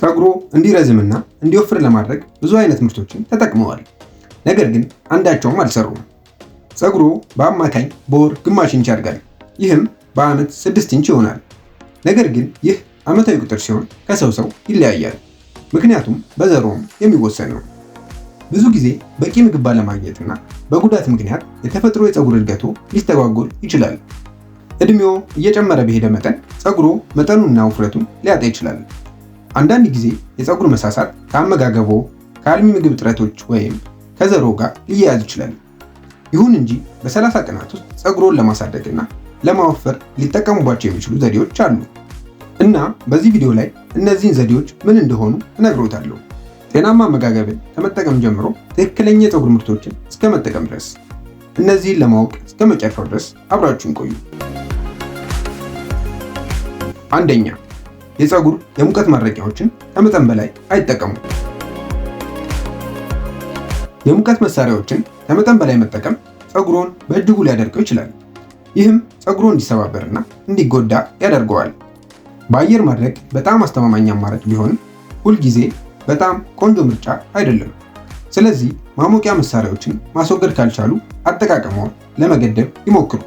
ፀጉሩ እንዲረዝምና እንዲወፍር ለማድረግ ብዙ አይነት ምርቶችን ተጠቅመዋል። ነገር ግን አንዳቸውም አልሰሩም። ፀጉሩ በአማካኝ በወር ግማሽ ኢንች ያድጋል። ይህም በዓመት 6 ኢንች ይሆናል። ነገር ግን ይህ ዓመታዊ ቁጥር ሲሆን ከሰው ሰው ይለያያል። ምክንያቱም በዘሮም የሚወሰን ነው። ብዙ ጊዜ በቂ ምግብ ባለማግኘትና በጉዳት ምክንያት የተፈጥሮ የፀጉር እድገቱ ሊስተጓጎል ይችላል። እድሜው እየጨመረ በሄደ መጠን ፀጉሩ መጠኑና ውፍረቱን ሊያጣ ይችላል። አንዳንድ ጊዜ የፀጉር መሳሳት ከአመጋገቦ፣ ከአልሚ ምግብ እጥረቶች ወይም ከዘሮ ጋር ሊያያዝ ይችላል። ይሁን እንጂ በ30 ቀናት ውስጥ ፀጉሮን ለማሳደግና ለማወፈር ሊጠቀሙባቸው የሚችሉ ዘዴዎች አሉ እና በዚህ ቪዲዮ ላይ እነዚህን ዘዴዎች ምን እንደሆኑ እነግሮታለሁ። ጤናማ አመጋገብን ከመጠቀም ጀምሮ ትክክለኛ የፀጉር ምርቶችን እስከ መጠቀም ድረስ እነዚህን ለማወቅ እስከ መጨረሻው ድረስ አብራችሁን ቆዩ። አንደኛ የፀጉር የሙቀት ማድረቂያዎችን ከመጠን በላይ አይጠቀሙ። የሙቀት መሳሪያዎችን ከመጠን በላይ መጠቀም ፀጉሮን በእጅጉ ሊያደርቀው ይችላል። ይህም ፀጉሮ እንዲሰባበርና እንዲጎዳ ያደርገዋል። በአየር ማድረቅ በጣም አስተማማኝ አማራጭ ቢሆንም ሁልጊዜ በጣም ቆንጆ ምርጫ አይደለም። ስለዚህ ማሞቂያ መሳሪያዎችን ማስወገድ ካልቻሉ አጠቃቀመውን ለመገደብ ይሞክሩ።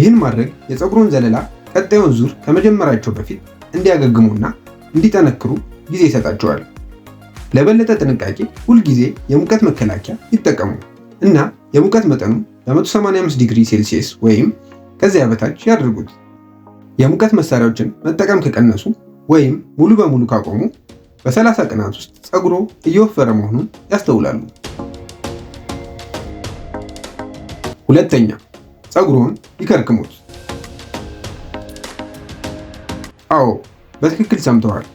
ይህን ማድረግ የፀጉሮን ዘለላ ቀጣዩን ዙር ከመጀመራቸው በፊት እንዲያገግሙና እንዲጠነክሩ ጊዜ ይሰጣቸዋል። ለበለጠ ጥንቃቄ ሁልጊዜ የሙቀት መከላከያ ይጠቀሙ እና የሙቀት መጠኑ በ185 ዲግሪ ሴልሲየስ ወይም ከዚያ በታች ያድርጉት። የሙቀት መሳሪያዎችን መጠቀም ከቀነሱ ወይም ሙሉ በሙሉ ካቆሙ በ30 ቀናት ውስጥ ፀጉሮ እየወፈረ መሆኑን ያስተውላሉ። ሁለተኛ፣ ፀጉሮን ይከርክሙት። አዎ በትክክል ሰምተዋል።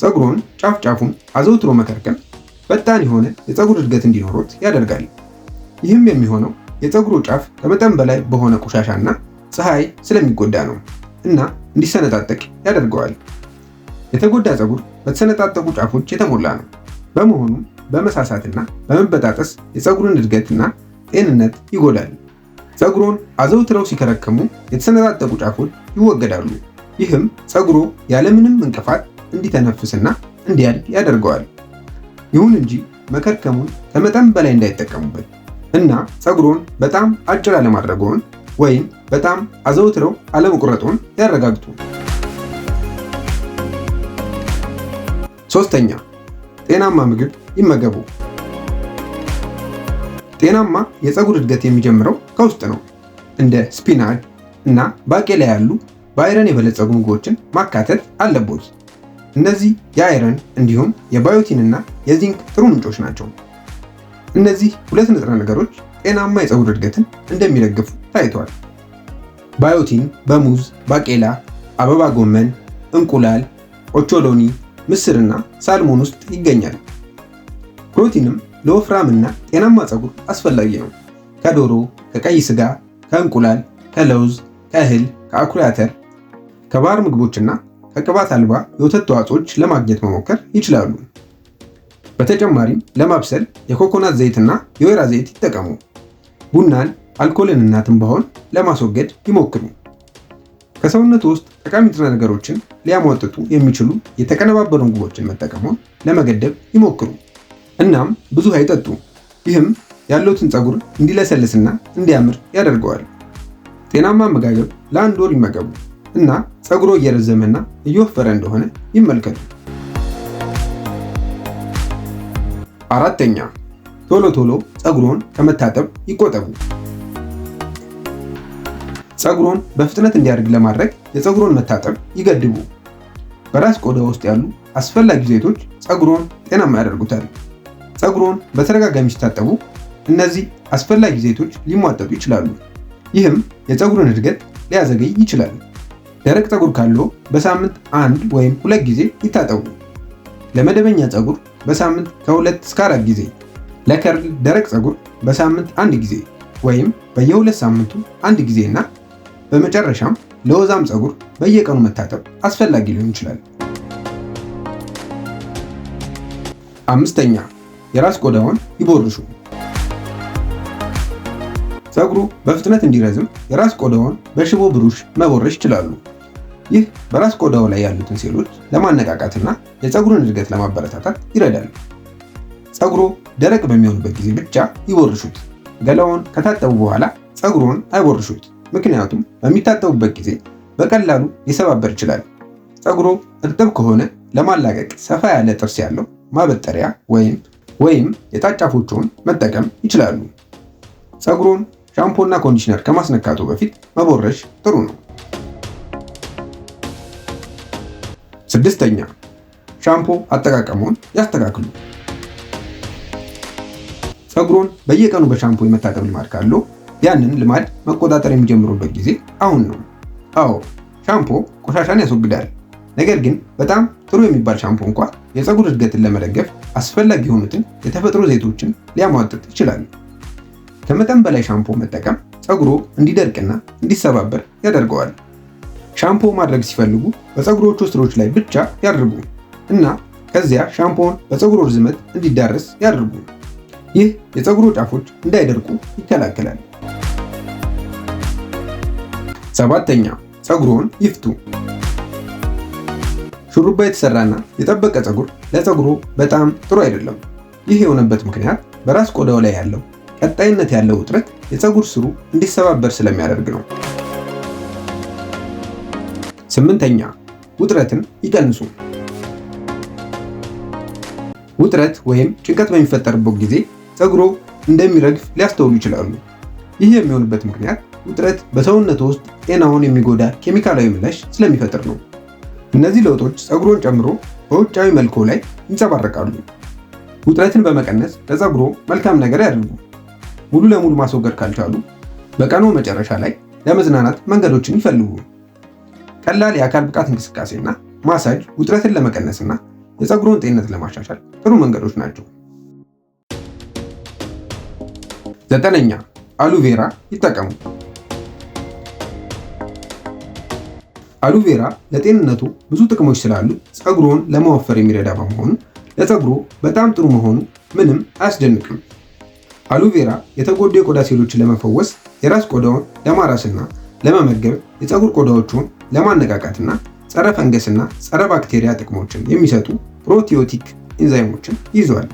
ፀጉሮን ጫፍ ጫፉን አዘውትሮ መከርከም ፈጣን የሆነ የፀጉር እድገት እንዲኖሩት ያደርጋል። ይህም የሚሆነው የፀጉሩ ጫፍ ከመጠን በላይ በሆነ ቆሻሻና ፀሐይ ስለሚጎዳ ነው እና እንዲሰነጣጠቅ ያደርገዋል። የተጎዳ ፀጉር በተሰነጣጠቁ ጫፎች የተሞላ ነው። በመሆኑም በመሳሳትና በመበጣጠስ የፀጉርን እድገትና ጤንነት ይጎዳል። ፀጉሮን አዘውትረው ሲከረከሙ የተሰነጣጠቁ ጫፎች ይወገዳሉ። ይህም ፀጉሩ ያለምንም እንቅፋት እንዲተነፍስና እንዲያድግ ያደርገዋል። ይሁን እንጂ መከርከሙን ከመጠን በላይ እንዳይጠቀሙበት እና ፀጉሮን በጣም አጭር አለማድረጎን ወይም በጣም አዘውትረው አለመቁረጦን ያረጋግጡ። ሶስተኛ ጤናማ ምግብ ይመገቡ። ጤናማ የፀጉር እድገት የሚጀምረው ከውስጥ ነው። እንደ ስፒናች እና ባቄላ ያሉ በአይረን የበለጸጉ ምግቦችን ማካተት አለቦት። እነዚህ የአይረን እንዲሁም የባዮቲን እና የዚንክ ጥሩ ምንጮች ናቸው። እነዚህ ሁለት ንጥረ ነገሮች ጤናማ የፀጉር እድገትን እንደሚደግፉ ታይቷል። ባዮቲን በሙዝ፣ ባቄላ፣ አበባ ጎመን፣ እንቁላል፣ ኦቾሎኒ፣ ምስርና ሳልሞን ውስጥ ይገኛል። ፕሮቲንም ለወፍራምና ጤናማ ፀጉር አስፈላጊ ነው። ከዶሮ፣ ከቀይ ስጋ፣ ከእንቁላል፣ ከለውዝ፣ ከእህል፣ ከአኩሪ አተር ከባህር ምግቦችና ከቅባት አልባ የወተት ተዋጽኦች ለማግኘት መሞከር ይችላሉ። በተጨማሪም ለማብሰል የኮኮናት ዘይትና የወይራ ዘይት ይጠቀሙ። ቡናን፣ አልኮልንና ትንባሆን ለማስወገድ ይሞክሩ። ከሰውነት ውስጥ ጠቃሚ ንጥረ ነገሮችን ሊያሟጥጡ የሚችሉ የተቀነባበሩ ምግቦችን መጠቀሙን ለመገደብ ይሞክሩ። እናም ብዙ ውሃ ይጠጡ። ይህም ያለውትን ፀጉር እንዲለሰልስና እንዲያምር ያደርገዋል። ጤናማ አመጋገብ ለአንድ ወር ይመገቡ። እና ፀጉሮ እየረዘመና እየወፈረ እንደሆነ ይመልከቱ። አራተኛ ቶሎ ቶሎ ፀጉሮን ከመታጠብ ይቆጠቡ። ፀጉሮን በፍጥነት እንዲያድግ ለማድረግ የፀጉሮን መታጠብ ይገድቡ። በራስ ቆዳ ውስጥ ያሉ አስፈላጊ ዘይቶች ፀጉሮን ጤናማ ያደርጉታል። ፀጉሮን በተደጋጋሚ ሲታጠቡ እነዚህ አስፈላጊ ዘይቶች ሊሟጠጡ ይችላሉ። ይህም የፀጉርን እድገት ሊያዘገይ ይችላል። ደረቅ ፀጉር ካለው በሳምንት አንድ ወይም ሁለት ጊዜ ይታጠቡ። ለመደበኛ ፀጉር በሳምንት ከሁለት እስከ አራት ጊዜ፣ ለከርል ደረቅ ፀጉር በሳምንት አንድ ጊዜ ወይም በየሁለት ሳምንቱ አንድ ጊዜ እና በመጨረሻም ለወዛም ፀጉር በየቀኑ መታጠብ አስፈላጊ ሊሆን ይችላል። አምስተኛ የራስ ቆዳውን ይቦርሹ። ፀጉሩ በፍጥነት እንዲረዝም የራስ ቆዳውን በሽቦ ብሩሽ መቦረሽ ይችላሉ። ይህ በራስ ቆዳው ላይ ያሉትን ሴሎች ለማነቃቃትና የፀጉሩን እድገት ለማበረታታት ይረዳል። ፀጉሩ ደረቅ በሚሆንበት ጊዜ ብቻ ይቦርሹት። ገላውን ከታጠቡ በኋላ ፀጉሩን አይቦርሹት፣ ምክንያቱም በሚታጠቡበት ጊዜ በቀላሉ ሊሰባበር ይችላል። ፀጉሩ እርጥብ ከሆነ ለማላቀቅ ሰፋ ያለ ጥርስ ያለው ማበጠሪያ ወይም ወይም የጣጫፎቹን መጠቀም ይችላሉ። ፀጉሮን ሻምፖና ኮንዲሽነር ከማስነካቱ በፊት መቦረሽ ጥሩ ነው። ስድስተኛ ሻምፖ አጠቃቀሙን ያስተካክሉ። ፀጉሮን በየቀኑ በሻምፖ የመታጠብ ልማድ ካለው ያንን ልማድ መቆጣጠር የሚጀምሩበት ጊዜ አሁን ነው። አዎ ሻምፖ ቆሻሻን ያስወግዳል። ነገር ግን በጣም ጥሩ የሚባል ሻምፖ እንኳ የፀጉር እድገትን ለመደገፍ አስፈላጊ የሆኑትን የተፈጥሮ ዘይቶችን ሊያሟጥጥ ይችላል። ከመጠን በላይ ሻምፖ መጠቀም ፀጉሮ እንዲደርቅና እንዲሰባበር ያደርገዋል። ሻምፖ ማድረግ ሲፈልጉ በፀጉሮቹ ስሮች ላይ ብቻ ያድርጉ እና ከዚያ ሻምፖውን በፀጉሮ ርዝመት እንዲዳረስ ያድርጉ። ይህ የፀጉሮ ጫፎች እንዳይደርቁ ይከላከላል። ሰባተኛ ፀጉሮን ይፍቱ። ሹሩባ የተሰራና የጠበቀ ፀጉር ለፀጉሩ በጣም ጥሩ አይደለም። ይህ የሆነበት ምክንያት በራስ ቆዳው ላይ ያለው ቀጣይነት ያለው ውጥረት የፀጉር ስሩ እንዲሰባበር ስለሚያደርግ ነው። ስምንተኛ ውጥረትን ይቀንሱ። ውጥረት ወይም ጭንቀት በሚፈጠርበት ጊዜ ፀጉሮ እንደሚረግፍ ሊያስተውሉ ይችላሉ። ይህ የሚሆንበት ምክንያት ውጥረት በሰውነት ውስጥ ጤናውን የሚጎዳ ኬሚካላዊ ምላሽ ስለሚፈጥር ነው። እነዚህ ለውጦች ፀጉሮን ጨምሮ በውጫዊ መልኮ ላይ ይንጸባረቃሉ። ውጥረትን በመቀነስ ለፀጉሮ መልካም ነገር ያድርጉ። ሙሉ ለሙሉ ማስወገድ ካልቻሉ በቀኑ መጨረሻ ላይ ለመዝናናት መንገዶችን ይፈልጉ። ቀላል የአካል ብቃት እንቅስቃሴና ማሳጅ ውጥረትን ለመቀነስና የፀጉሩን ጤንነት ለማሻሻል ጥሩ መንገዶች ናቸው። ዘጠነኛ አሉቬራ ይጠቀሙ። አሉቬራ ለጤንነቱ ብዙ ጥቅሞች ስላሉ ፀጉሮን ለመወፈር የሚረዳ በመሆኑ ለፀጉሮ በጣም ጥሩ መሆኑ ምንም አያስደንቅም። አሉቬራ የተጎዱ የቆዳ ሴሎችን ለመፈወስ፣ የራስ ቆዳውን ለማራስና ለመመገብ፣ የፀጉር ቆዳዎቹን ለማነቃቃትና ጸረ ፈንገስና ጸረ ባክቴሪያ ጥቅሞችን የሚሰጡ ፕሮቲዮቲክ ኢንዛይሞችን ይዟል።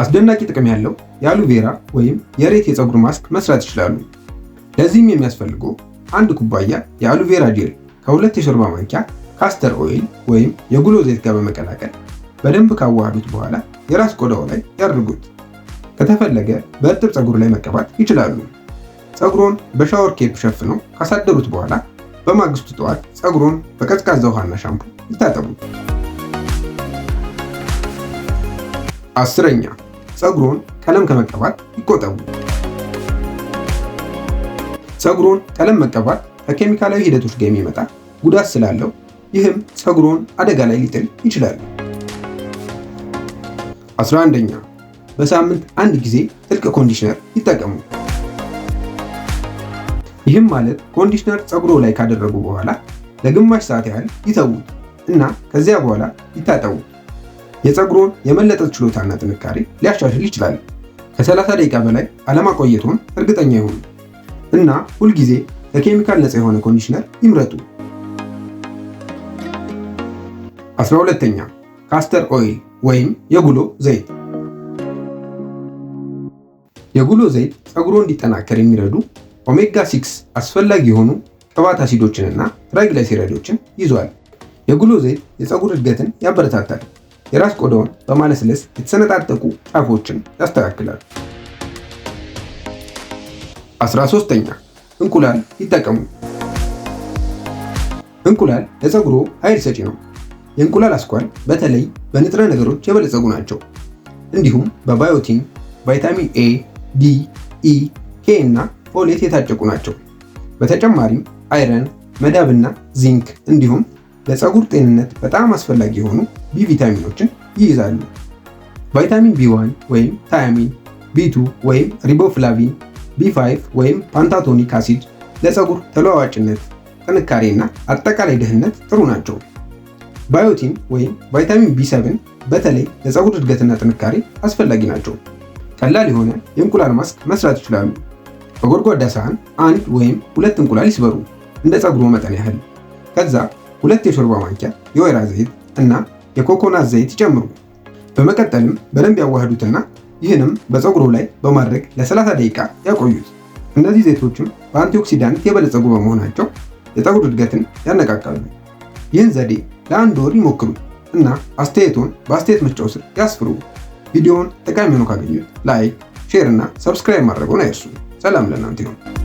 አስደናቂ ጥቅም ያለው የአሉቬራ ወይም የሬት የፀጉር ማስክ መስራት ይችላሉ። ለዚህም የሚያስፈልገው አንድ ኩባያ የአሉቬራ ጄል ከሁለት የሾርባ ማንኪያ ካስተር ኦይል ወይም የጉሎ ዘይት ጋር በመቀላቀል በደንብ ካዋሃዱት በኋላ የራስ ቆዳው ላይ ያድርጉት። ከተፈለገ በእርጥብ ፀጉር ላይ መቀባት ይችላሉ። ፀጉሮን በሻወር ኬፕ ሸፍነው ካሳደሩት በኋላ በማግስቱ ጠዋት ፀጉሮን በቀዝቃዛ ውሃና ሻምፑ ይታጠቡ። አስረኛ ፀጉሮን ቀለም ከመቀባት ይቆጠቡ። ፀጉሮን ቀለም መቀባት ከኬሚካላዊ ሂደቶች ጋር የሚመጣ ጉዳት ስላለው ይህም ፀጉሮን አደጋ ላይ ሊጥል ይችላል። 11ኛ በሳምንት አንድ ጊዜ ጥልቅ ኮንዲሽነር ይጠቀሙ። ይህም ማለት ኮንዲሽነር ፀጉሮ ላይ ካደረጉ በኋላ ለግማሽ ሰዓት ያህል ይተዉት እና ከዚያ በኋላ ይታጠቡ። የፀጉሮን የመለጠጥ ችሎታና ጥንካሬ ሊያሻሽል ይችላል። ከ30 ደቂቃ በላይ አለማቆየቱን እርግጠኛ ይሁኑ እና ሁልጊዜ ከኬሚካል ነፃ የሆነ ኮንዲሽነር ይምረጡ። 12ኛ ካስተር ኦይል ወይም የጉሎ ዘይት። የጉሎ ዘይት ፀጉሮ እንዲጠናከር የሚረዱ ኦሜጋ 6 አስፈላጊ የሆኑ ቅባት አሲዶችንና ትራይግሊሰራይዶችን ይዟል። የጉሎ ዘይት የፀጉር እድገትን ያበረታታል። የራስ ቆዳውን በማለስለስ የተሰነጣጠቁ ጫፎችን ያስተካክላል። 13ኛ እንቁላል ይጠቀሙ። እንቁላል ለፀጉሮ ኃይል ሰጪ ነው። የእንቁላል አስኳል በተለይ በንጥረ ነገሮች የበለጸጉ ናቸው። እንዲሁም በባዮቲን፣ ቫይታሚን ኤ፣ ዲ፣ ኢ፣ ኬ እና ፎሌት የታጨቁ ናቸው። በተጨማሪም አይረን፣ መዳብና ዚንክ እንዲሁም ለፀጉር ጤንነት በጣም አስፈላጊ የሆኑ ቢ ቪታሚኖችን ይይዛሉ። ቫይታሚን ቢ1 ወይም ታያሚን፣ ቢ2 ወይም ሪቦፍላቪን፣ ቢ5 ወይም ፓንታቶኒክ አሲድ ለፀጉር ተለዋዋጭነት፣ ጥንካሬና አጠቃላይ ደህንነት ጥሩ ናቸው። ባዮቲን ወይም ቫይታሚን ቢ7 በተለይ ለፀጉር እድገትና ጥንካሬ አስፈላጊ ናቸው። ቀላል የሆነ የእንቁላል ማስክ መስራት ይችላሉ። በጎድጓዳ ሳህን አንድ ወይም ሁለት እንቁላል ይስበሩ እንደ ፀጉሩ መጠን ያህል። ከዛ ሁለት የሾርባ ማንኪያ የወይራ ዘይት እና የኮኮናት ዘይት ይጨምሩ። በመቀጠልም በደንብ ያዋህዱትና ይህንም በፀጉሩ ላይ በማድረግ ለ30 ደቂቃ ያቆዩት። እነዚህ ዘይቶችም በአንቲኦክሲዳንት የበለጸጉ በመሆናቸው የፀጉር እድገትን ያነቃቃሉ። ይህን ዘዴ ለአንድ ወር ይሞክሩ እና አስተያየቶን በአስተያየት መስጫው ስር ያስፍሩ። ቪዲዮውን ጠቃሚ ሆኖ ካገኙት ላይክ፣ ሼር እና ሰብስክራይብ ማድረጉን አይርሱ። ሰላም ለእናንተ ይሁን።